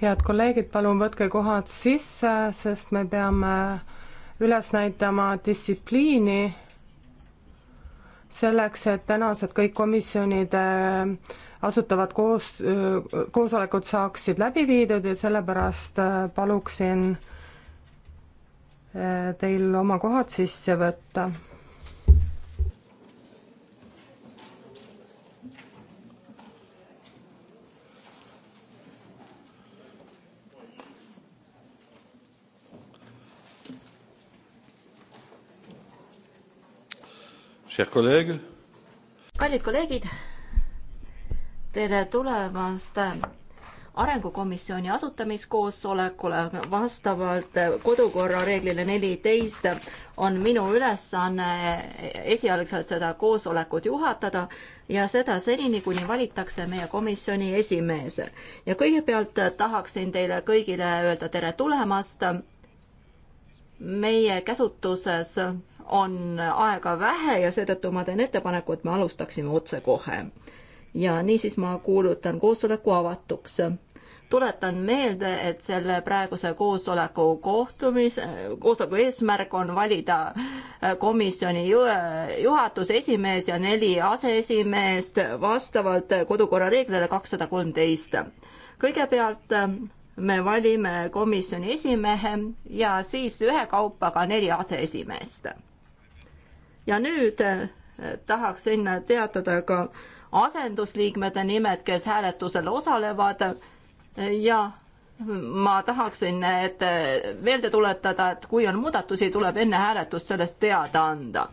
head kolleegid, palun võtke kohad sisse, sest me peame üles näitama distsipliini selleks, et tänased kõik komisjonid äh, asutavad koos, äh, koosolekud saaksid läbi viidud ja sellepärast äh, paluksin teil oma kohad sisse võtta kallid kolleegid, tere tulemast arengukomisjoni asutamiskoosolekule vastavalt kodukorra reeglile neliteist on minu ülesanne esialgselt seda koosolekut juhatada ja seda senini, kuni valitakse meie komisjoni esimees. ja kõigepealt tahaksin teile kõigile öelda tere tulemast. meie käsutuses on aega vähe ja seetõttu ma teen ettepaneku, et me alustaksime otsekohe. ja niisiis ma kuulutan koosoleku avatuks. tuletan meelde, et selle praeguse koosoleku kohtumise, koosoleku eesmärk on valida komisjoni juhatuse esimees ja neli aseesimeest vastavalt kodukorra reeglile kakssada kolmteist. kõigepealt äh, me valime komisjoni esimehe ja siis ühekaupa ka neli aseesimeest ja nüüd eh, tahaksin teatada ka asendusliikmete nimed, kes hääletusel osalevad ja ma tahaksin, et eh, meelde tuletada, et kui on muudatusi, tuleb enne hääletust sellest teada anda.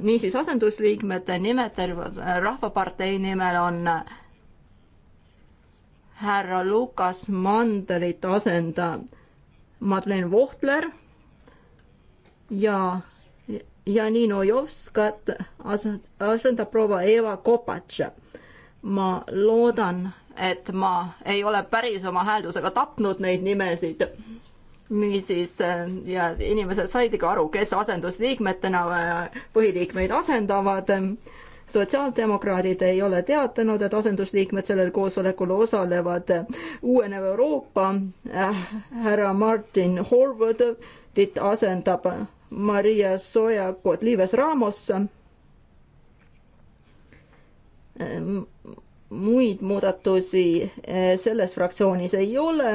niisiis, asendusliikmete nimed eh, Rahvapartei nimel on härra Lukas Mandelit asendav Madlen Vohtler ja Janinojovskat asendab proua Eva Kopatš. ma loodan, et ma ei ole päris oma hääldusega tapnud neid nimesid. niisiis äh, ja inimesed said ikka aru, kes asendusliikmetena äh, põhiliikmeid asendavad. sotsiaaldemokraadid ei ole teatanud, et asendusliikmed sellel koosolekul osalevad. uuenev Euroopa äh, härra Martin Horvath Tiit asendab Maria Soja Kotlives Raamosse. Ehm, muid muudatusi eh, selles fraktsioonis ei ole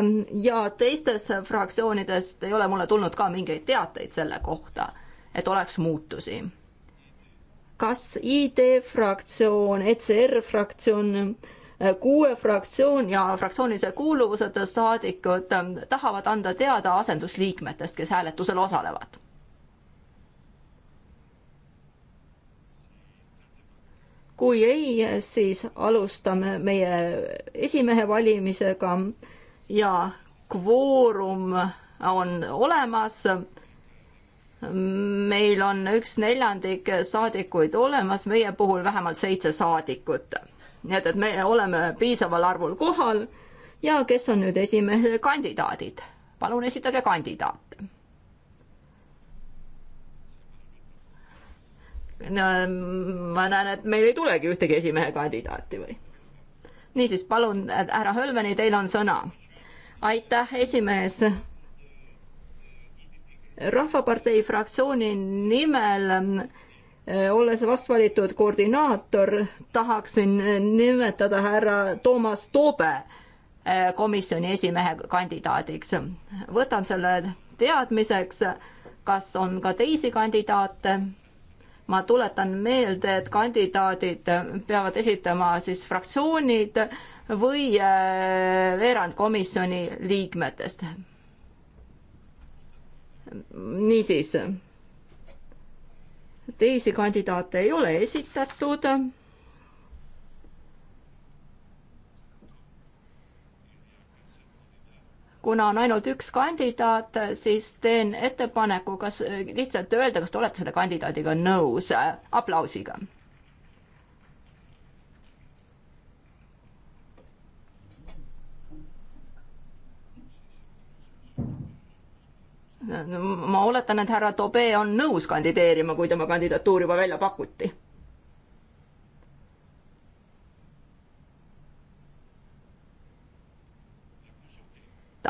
ja teistes fraktsioonidest ei ole mulle tulnud ka mingeid teateid selle kohta, et oleks muutusi. kas ID fraktsioon, ECR fraktsioon eh, kuue fraktsioon ja fraktsioonilise kuuluvuseta saadikud eh, tahavad anda teada asendusliikmetest, kes hääletusel osalevad. kui ei, siis alustame meie esimehe valimisega ja kvoorum on olemas. meil on üks neljandik saadikuid olemas, meie puhul vähemalt seitse saadikut. nii et, et me oleme piisaval arvul kohal ja kes on nüüd esimehe kandidaadid? palun esitage kandidaat. Mm, ma näen, et meil ei tulegi ühtegi esimehe kandidaati või? niisiis, palun, härra Hölveni, teil on sõna. aitäh, esimees. rahvapartei fraktsiooni nimel äh, olles vastvalitud koordinaator, tahaksin nimetada härra Toomas Toobe äh, komisjoni esimehe kandidaadiks. võtan selle teadmiseks, kas on ka teisi kandidaate ma tuletan meelde, et kandidaadid peavad esitama siis fraktsioonid või äh, veerand komisjoni liikmetest. niisiis, teisi kandidaate ei ole esitatud kuna on ainult üks kandidaat, siis teen ettepaneku, kas lihtsalt öelda, kas te olete selle kandidaadiga nõus, äh, aplausiga. ma oletan, et härra Tobe on nõus kandideerima, kui tema kandidatuur juba välja pakuti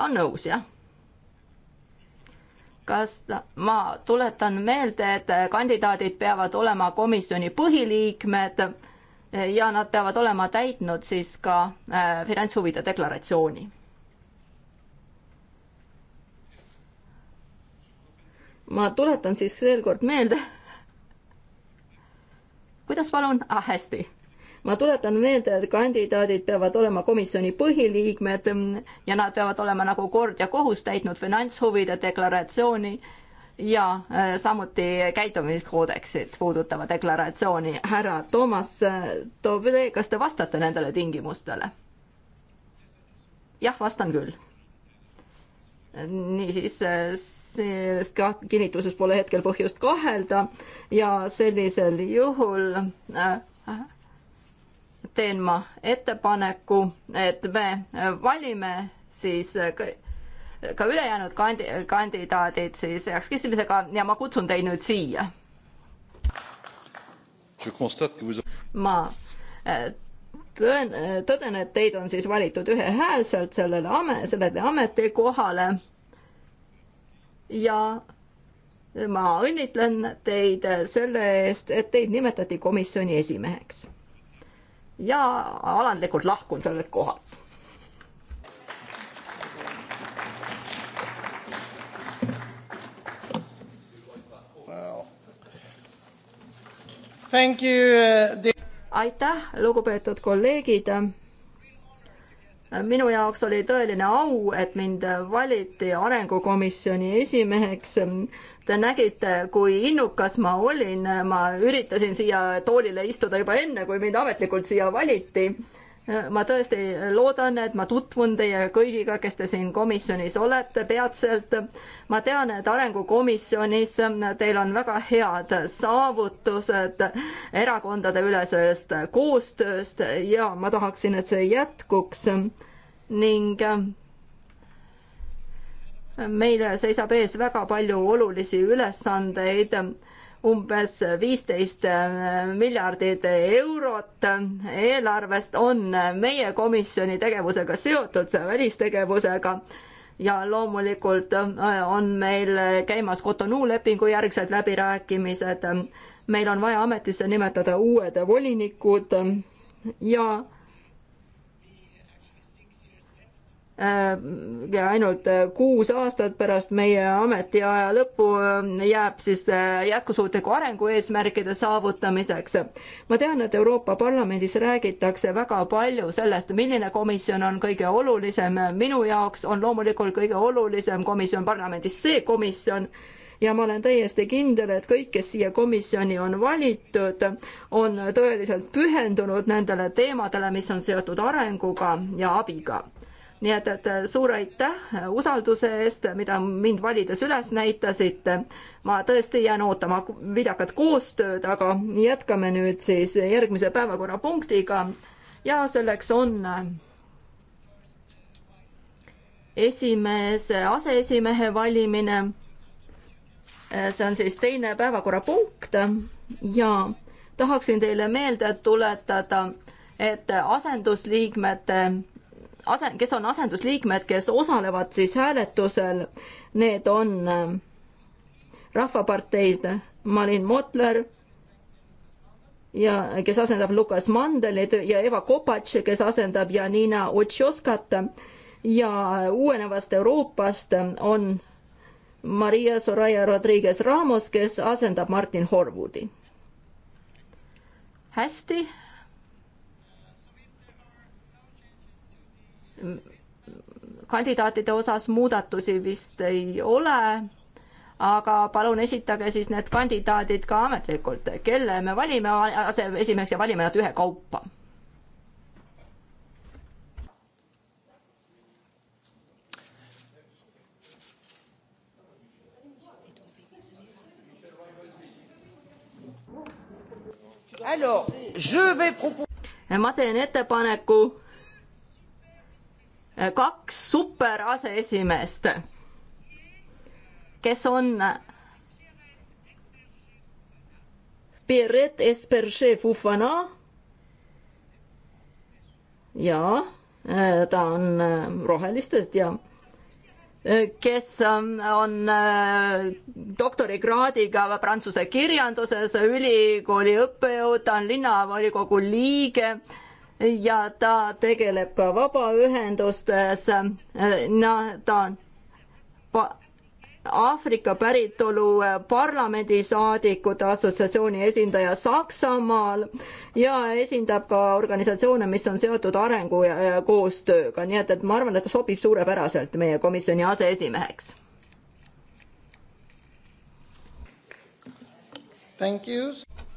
on nõus, jah? kas ma tuletan meelde, et kandidaadid peavad olema komisjoni põhiliikmed ja nad peavad olema täitnud siis ka äh, finantshuvide deklaratsiooni ma tuletan siis veel kord meelde. kuidas palun? ah, hästi ma tuletan meelde, et kandidaadid peavad olema komisjoni põhiliikmed ja nad peavad olema nagu kord ja kohus täitnud finantshuvide deklaratsiooni ja äh, samuti käitumiskoodeksit puudutava deklaratsiooni. härra Toomas äh, Toobele, kas te vastate nendele tingimustele? jah, vastan küll niisiis äh, sellest kinnituses pole hetkel põhjust kahelda ja sellisel juhul teen ma ettepaneku, et me valime siis ka ülejäänud kandi-, kandidaadid siis heaks küsimisega ja ma kutsun teid nüüd siia. ma äh, tõen-, tõden, et teid on siis valitud ühehäälselt sellele ame-, sellele ametikohale ja ma õnnitlen teid selle eest, et teid nimetati komisjoni esimeheks ja alandlikult lahkun sellelt kohalt. Uh, aitäh, lugupeetud kolleegid minu jaoks oli tõeline au, et mind valiti arengukomisjoni esimeheks. Te nägite, kui innukas ma olin, ma üritasin siia toolile istuda juba enne, kui mind ametlikult siia valiti. ma tõesti loodan, et ma tutvun teie kõigiga, kes te siin komisjonis olete peatselt. ma tean, et arengukomisjonis teil on väga head saavutused erakondadeülesest koostööst ja ma tahaksin, et see jätkuks ning meil seisab ees väga palju olulisi ülesandeid, umbes viisteist äh, miljardit eurot eelarvest on meie komisjoni tegevusega seotud, välistegevusega ja loomulikult äh, on meil käimas Cotonou lepingu järgsed läbirääkimised. meil on vaja ametisse nimetada uued volinikud ja ja äh, ainult äh, kuus aastat pärast meie ametiaja lõppu äh, jääb siis jätkusuutliku arengu eesmärkide saavutamiseks. ma tean, et Euroopa Parlamendis räägitakse väga palju sellest, milline komisjon on kõige olulisem. minu jaoks on loomulikult kõige olulisem komisjon parlamendis see komisjon, ja ma olen täiesti kindel, et kõik, kes siia komisjoni on valitud, on tõeliselt pühendunud nendele teemadele, mis on seotud arenguga ja abiga nii et, et suur aitäh usalduse eest, mida mind valides üles näitasite. ma tõesti jään ootama viljakat koostööd, aga jätkame nüüd siis järgmise päevakorrapunktiga ja selleks on esimese aseesimehe valimine. see on siis teine päevakorrapunkt ja tahaksin teile meelde tuletada, et asendusliikmete ase-, kes on asendusliikmed, kes osalevad siis hääletusel, need on ähm, Rahvaparteist Marin Motler ja kes asendab Lukas Mandelit ja Eva Kopatš, kes asendab Janina Otsioskat ja uuenevast Euroopast on Maria Soraya Rodriguez Ramos, kes asendab Martin Horvudi. hästi kandidaatide osas muudatusi vist ei ole, aga palun esitage siis need kandidaadid ka ametlikult, kelle me valime aseesimeheks ja valime nad ühekaupa ma teen ettepaneku, kaks superaseesimeest, kes on Pierret Esperche Fufana ja äh, ta on äh, rohelistest ja äh, kes ähm, on doktorikraadiga prantsuse kirjanduses, ülikooli õppejõud, ta on linnavolikogu liige ja ta tegeleb ka vabaühendustes, no ta on Aafrika päritolu äh, parlamendisaadikute assotsiatsiooni esindaja Saksamaal ja esindab ka organisatsioone, mis on seotud arengu ja koostööga, nii et, et ma arvan, et ta sobib suurepäraselt meie komisjoni aseesimeheks.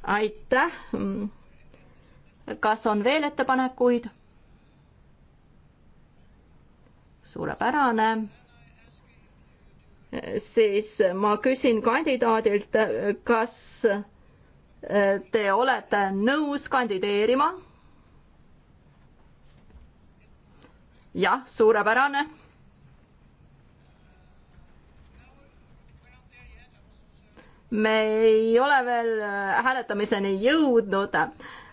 aitäh kas on veel ettepanekuid? suurepärane. siis ma küsin kandidaadilt, kas te olete nõus kandideerima? jah, suurepärane me ei ole veel hääletamiseni jõudnud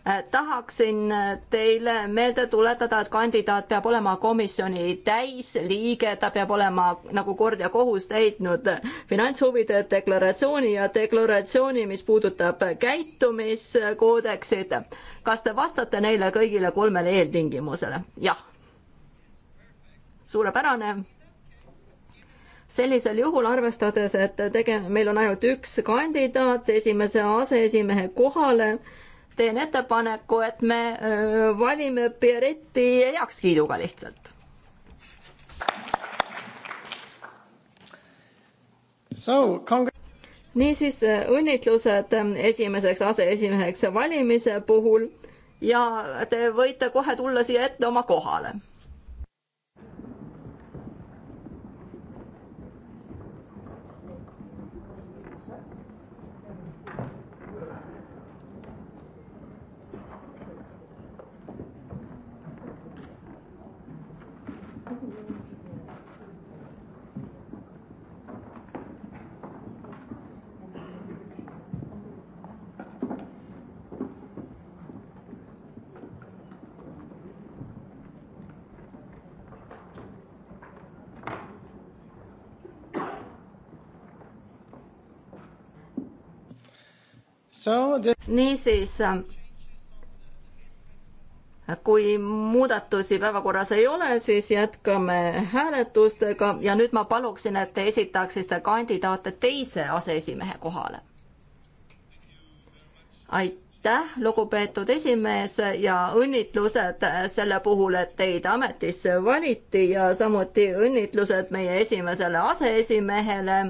Äh, tahaksin äh, teile meelde tuletada, et kandidaat peab olema komisjoni täisliige, ta peab olema nagu kord ja kohus täitnud finantshuvide deklaratsiooni ja deklaratsiooni, mis puudutab käitumiskoodeksit. kas te vastate neile kõigile kolmele eeltingimusele? jah. suurepärane sellisel juhul arvestades, et tege-, meil on ainult üks kandidaat esimese aseesimehe kohale teen ettepaneku, et me valime Pieretti heakskiiduga lihtsalt. niisiis õnnitlused esimeseks aseesimeheks valimise puhul ja te võite kohe tulla siia ette oma kohale The... niisiis, kui muudatusi päevakorras ei ole, siis jätkame hääletustega ja nüüd ma paluksin, et te esitaksite kandidaate teise aseesimehe kohale. aitäh, lugupeetud esimees ja õnnitlused selle puhul, et teid ametisse valiti ja samuti õnnitlused meie esimesele aseesimehele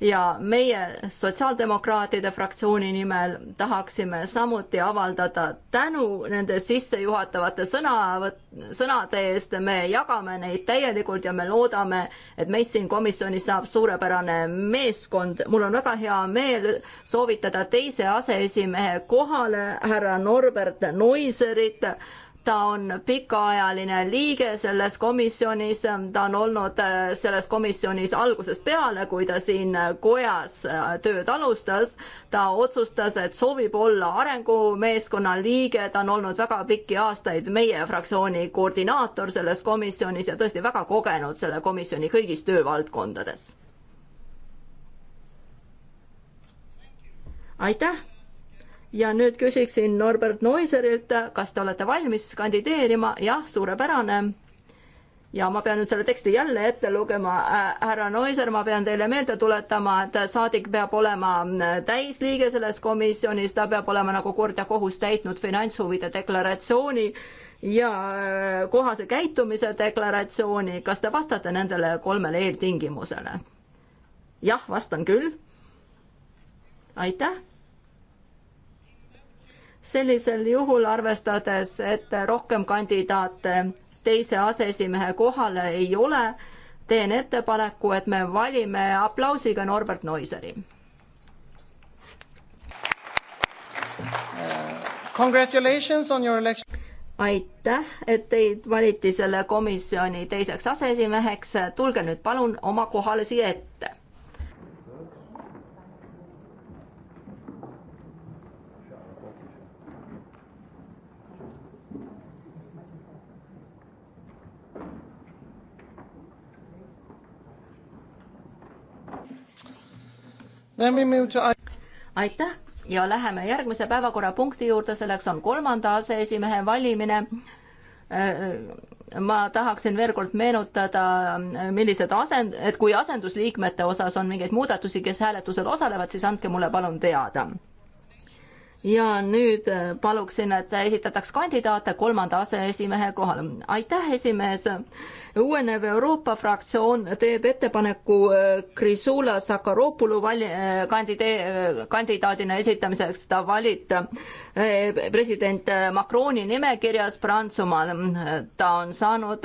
ja meie sotsiaaldemokraatide fraktsiooni nimel tahaksime samuti avaldada tänu nende sissejuhatavate sõnavõtt, sõnade eest, me jagame neid täielikult ja me loodame, et meist siin komisjonis saab suurepärane meeskond. mul on väga hea meel soovitada teise aseesimehe kohale härra Norbert Noiserit ta on pikaajaline liige selles komisjonis, ta on olnud äh, selles komisjonis algusest peale, kui ta siin kojas äh, tööd alustas. ta otsustas, et soovib olla arengumeeskonna liige, ta on olnud väga pikki aastaid meie fraktsiooni koordinaator selles komisjonis ja tõesti väga kogenud selle komisjoni kõigis töövaldkondades. aitäh ja nüüd küsiksin Norbert Noiserilt, kas te olete valmis kandideerima? jah, suurepärane. ja ma pean nüüd selle teksti jälle ette lugema. Äh, härra Noiser, ma pean teile meelde tuletama, et saadik peab olema äh, täisliige selles komisjonis, ta peab olema nagu kord ja kohus täitnud finantshuvide deklaratsiooni ja äh, kohase käitumise deklaratsiooni. kas te vastate nendele kolmele eeltingimusele? jah, vastan küll. aitäh sellisel juhul arvestades, et rohkem kandidaate teise aseesimehe kohale ei ole, teen ettepaneku, et me valime aplausiga Norbert Noiseri. aitäh, et teid valiti selle komisjoni teiseks aseesimeheks. tulge nüüd palun oma kohale siia ette aitäh ja läheme järgmise päevakorrapunkti juurde, selleks on kolmanda aseesimehe valimine. Äh, äh, ma tahaksin veel kord meenutada, äh, millised asend-, et kui asendusliikmete osas on mingeid muudatusi, kes hääletusel osalevad, siis andke mulle palun teada ja nüüd äh, paluksin, et esitataks kandidaate kolmanda aseesimehe kohale. aitäh, esimees. uuenev Euroopa fraktsioon teeb ettepaneku Grisula äh, Sakaropulu vali-, äh, kandidee-, kandidaadina esitamiseks. ta valit president Macroni nimekirjas Prantsusmaal. ta on saanud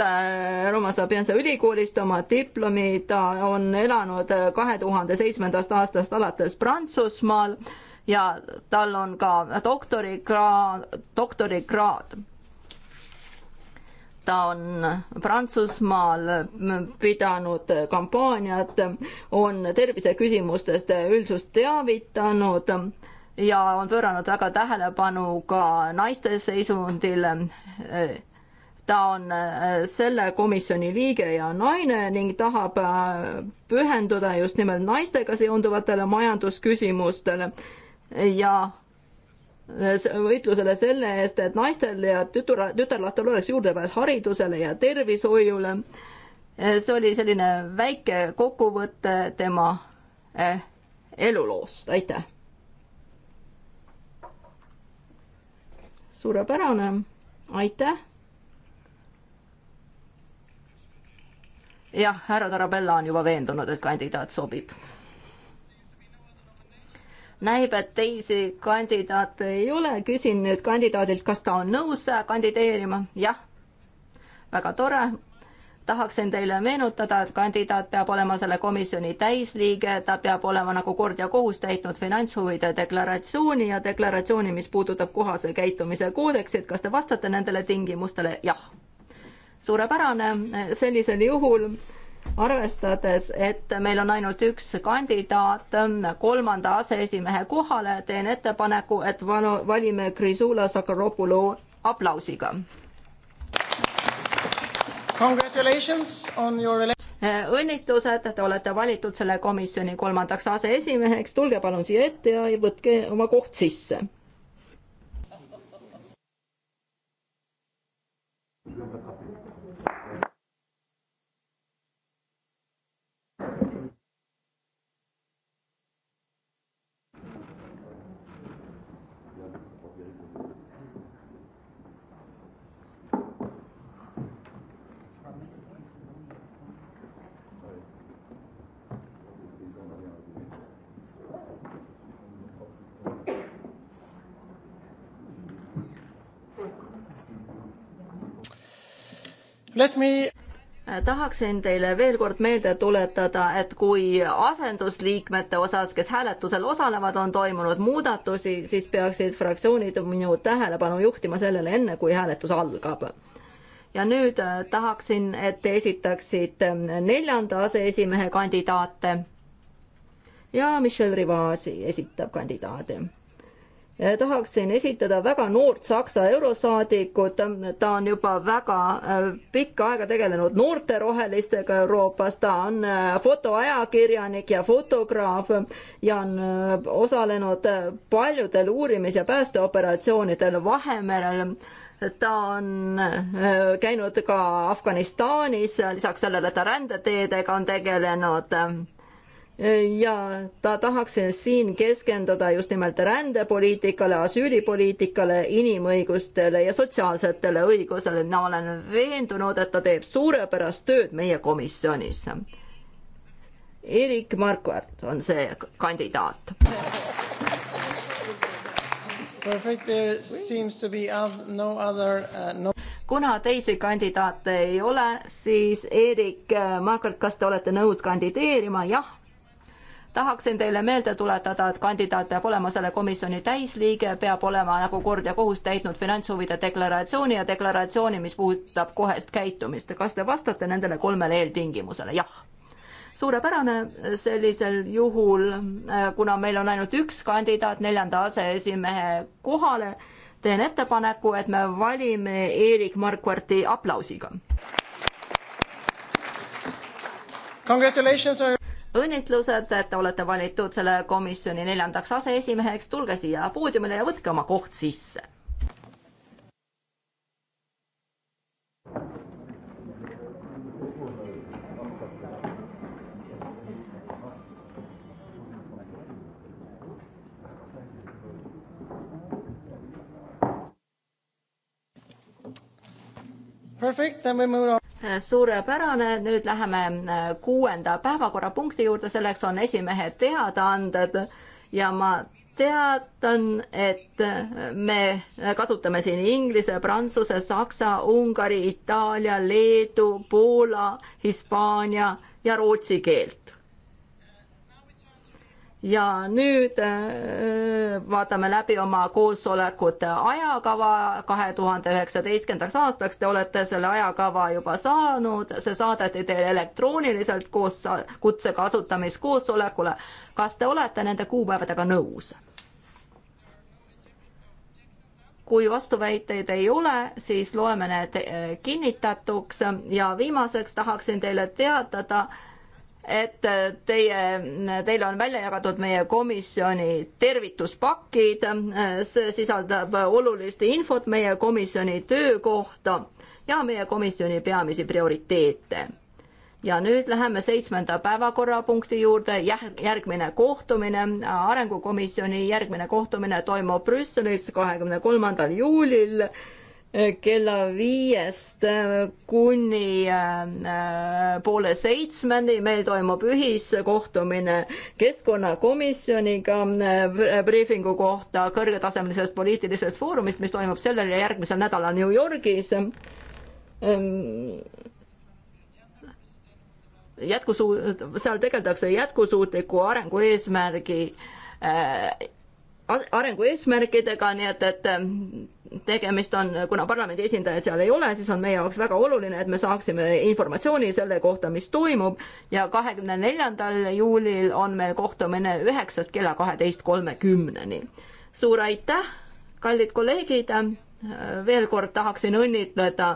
Roma Sapienza ülikoolist oma diplomi, ta on elanud kahe tuhande seitsmendast aastast alates Prantsusmaal ja tal on ka doktorikraad, doktorikraad. ta on Prantsusmaal pidanud kampaaniat, on terviseküsimustest üldsust teavitanud ja on pööranud väga tähelepanu ka naiste seisundile ta on selle komisjoni liige ja naine ning tahab pühenduda just nimelt naistega seonduvatele majandusküsimustele ja eh, võitlusele selle eest, et naistel ja tütar, tütarlastel oleks juurdepääs haridusele ja tervishoiule. Eh, see oli selline väike kokkuvõte tema eh, eluloost, aitäh. suurepärane, aitäh. jah, härra Tarabella on juba veendunud, et kandidaat sobib näib, et teisi kandidaate ei ole, küsin nüüd kandidaadilt, kas ta on nõus äh, kandideerima, jah. väga tore, tahaksin teile meenutada, et kandidaat peab olema selle komisjoni täisliige, ta peab olema nagu kord ja kohus täitnud finantshuvide deklaratsiooni ja deklaratsiooni, mis puudutab kohase käitumise koodeksit, kas te vastate nendele tingimustele? jah. suurepärane, sellisel juhul arvestades, et meil on ainult üks kandidaat kolmanda aseesimehe kohale, teen ettepaneku, et vanu, valime Grisula Sakaropulu aplausiga. õnnitlused, te olete valitud selle komisjoni kolmandaks aseesimeheks, tulge palun siia ette ja võtke oma koht sisse Me... tahaksin teile veel kord meelde tuletada, et kui asendusliikmete osas, kes hääletusel osalevad, on toimunud muudatusi, siis peaksid fraktsioonid minu tähelepanu juhtima sellele enne, kui hääletus algab ja nüüd äh, tahaksin, et te esitaksite neljanda aseesimehe kandidaate. ja Michelle Rivasi esitab kandidaadi tahaksin esitada väga noort Saksa eurosaadikut, ta on juba väga äh, pikka aega tegelenud noorte rohelistega Euroopas, ta on äh, fotoajakirjanik ja fotograaf ja on äh, osalenud paljudel uurimis- ja päästeoperatsioonidel Vahemerel ta on käinud ka Afganistanis, lisaks sellele ta rändeteedega on tegelenud ja ta tahaks siin keskenduda just nimelt rändepoliitikale, asüülipoliitikale, inimõigustele ja sotsiaalsetele õigusele. ma olen veendunud, et ta teeb suurepärast tööd meie komisjonis. Erik Markvart on see kandidaat. Perfect, there seems to be no other uh, no kuna teisi kandidaate ei ole, siis Erik äh, Markvart, kas te olete nõus kandideerima? jah tahaksin teile meelde tuletada, et kandidaat peab olema selle komisjoni täisliige, peab olema nagu kord ja kohus täitnud finantshuvide deklaratsiooni ja deklaratsiooni, mis puudutab kohest käitumist. kas te vastate nendele kolmele eeltingimusele? jah suurepärane sellisel juhul, äh, kuna meil on ainult üks kandidaat neljanda aseesimehe kohale, teen ettepaneku, et me valime Eerik Markvarti aplausiga õnnitlused, et te olete valitud selle komisjoni neljandaks aseesimeheks, tulge siia poodiumile ja võtke oma koht sisse Perfect, then we move on. Äh, suurepärane, nüüd läheme äh, kuuenda päevakorrapunkti juurde, selleks on esimehe teadaanded ja ma teatan, et äh, me kasutame siin inglise, prantsuse, saksa, ungari, itaalia, leedu, poola, hispaania ja rootsi keelt ja nüüd äh, vaatame läbi oma koosolekute ajakava kahe tuhande üheksateistkümnendaks aastaks. Te olete selle ajakava juba saanud, see saadeti teile elektrooniliselt koos kutse kasutamiskoosolekule. kas te olete nende kuupäevadega nõus? kui vastuväiteid ei ole, siis loeme need kinnitatuks ja viimaseks tahaksin teile teatada, et äh, teie, teile on välja jagatud meie komisjoni tervituspakid, äh, see sisaldab olulist infot meie komisjoni töö kohta ja meie komisjoni peamisi prioriteete. ja nüüd läheme seitsmenda päevakorrapunkti juurde, järgmine kohtumine, arengukomisjoni järgmine kohtumine toimub Brüsselis kahekümne kolmandal juulil kella viiest äh, kuni äh, äh, poole seitsmeni. meil toimub ühiskohtumine keskkonnakomisjoniga briifingu kohta kõrgetasemelisest poliitilisest foorumist, mis toimub sellel ja järgmisel nädalal New Yorgis ähm, jätkusuut-, seal tegeldakse jätkusuutliku arengu eesmärgi arengu eesmärkidega, nii et, et ähm, tegemist on, kuna parlamendi esindajaid seal ei ole, siis on meie jaoks väga oluline, et me saaksime informatsiooni selle kohta, mis toimub ja kahekümne neljandal juulil on meil kohtumine üheksast kella kaheteist kolmekümneni. suur aitäh, kallid kolleegid, äh, veel kord tahaksin õnnitleda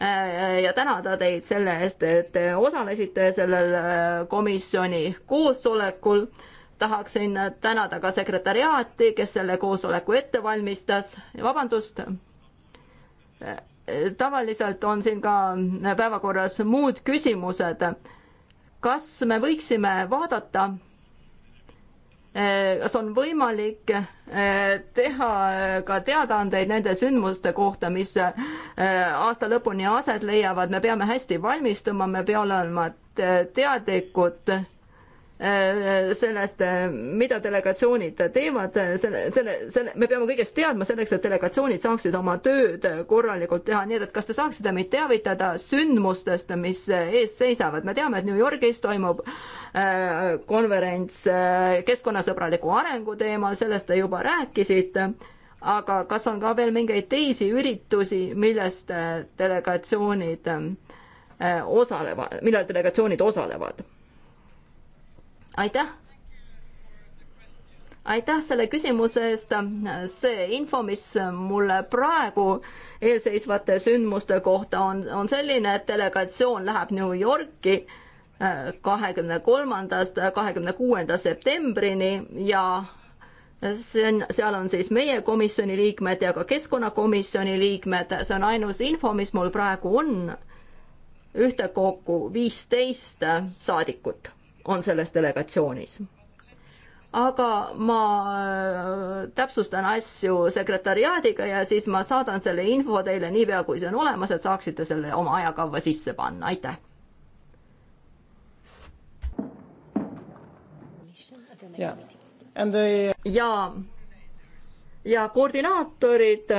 äh, ja tänada teid selle eest, et te osalesite sellel äh, komisjoni koosolekul tahaksin tänada ka sekretäriaati, kes selle koosoleku ette valmistas. vabandust. tavaliselt on siin ka päevakorras muud küsimused. kas me võiksime vaadata, kas on võimalik eh, teha ka teadaandeid nende sündmuste kohta, mis eh, aasta lõpuni aset leiavad, me peame hästi valmistuma, me peame olema teadlikud Äh, sellest, äh, mida delegatsioonid teevad, äh, selle, selle, selle, me peame kõigest teadma selleks, et delegatsioonid saaksid oma tööd korralikult teha, nii et, et kas te saaksite meid teavitada sündmustest, mis ees seisavad, me teame, et New Yorgis toimub konverents keskkonnasõbraliku arengu teemal, sellest te juba rääkisite, aga kas on ka veel mingeid teisi üritusi, millest delegatsioonid osalevad, millal delegatsioonid osalevad? aitäh! aitäh selle küsimuse eest. see info, mis mulle praegu eelseisvate sündmuste kohta on, on selline, et delegatsioon läheb New Yorki äh, kahekümne kolmandast äh, kahekümne kuuenda septembrini ja see on, seal on siis meie komisjoni liikmed ja ka keskkonnakomisjoni liikmed, see on ainus info, mis mul praegu on. ühtekokku viisteist saadikut on selles delegatsioonis aga ma äh, täpsustan asju sekretariaadiga ja siis ma saadan selle info teile niipea, kui see on olemas, et saaksite selle oma ajakavva sisse panna, aitäh. ja, ja, ja koordinaatorid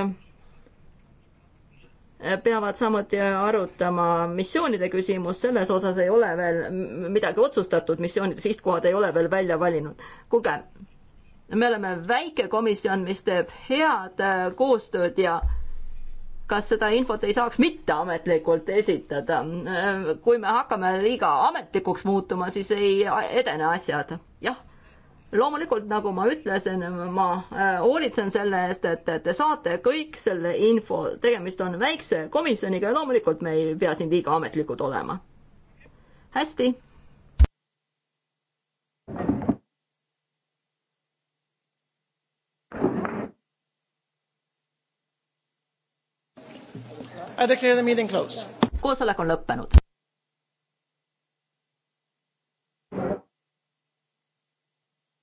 peavad samuti arutama missioonide küsimust, selles osas ei ole veel midagi otsustatud, missioonide sihtkohad ei ole veel välja valinud. kuulge, me oleme väike komisjon, mis teeb head äh, koostööd ja kas seda infot ei saaks mitteametlikult esitada? Äh, kui me hakkame liiga ametlikuks muutuma, siis ei edene asjad loomulikult, nagu ma ütlesin, ma äh, hoolitsen selle eest, et te saate kõik selle info, tegemist on väikse komisjoniga ja loomulikult me ei pea siin liiga ametlikud olema. hästi. koosolek on lõppenud.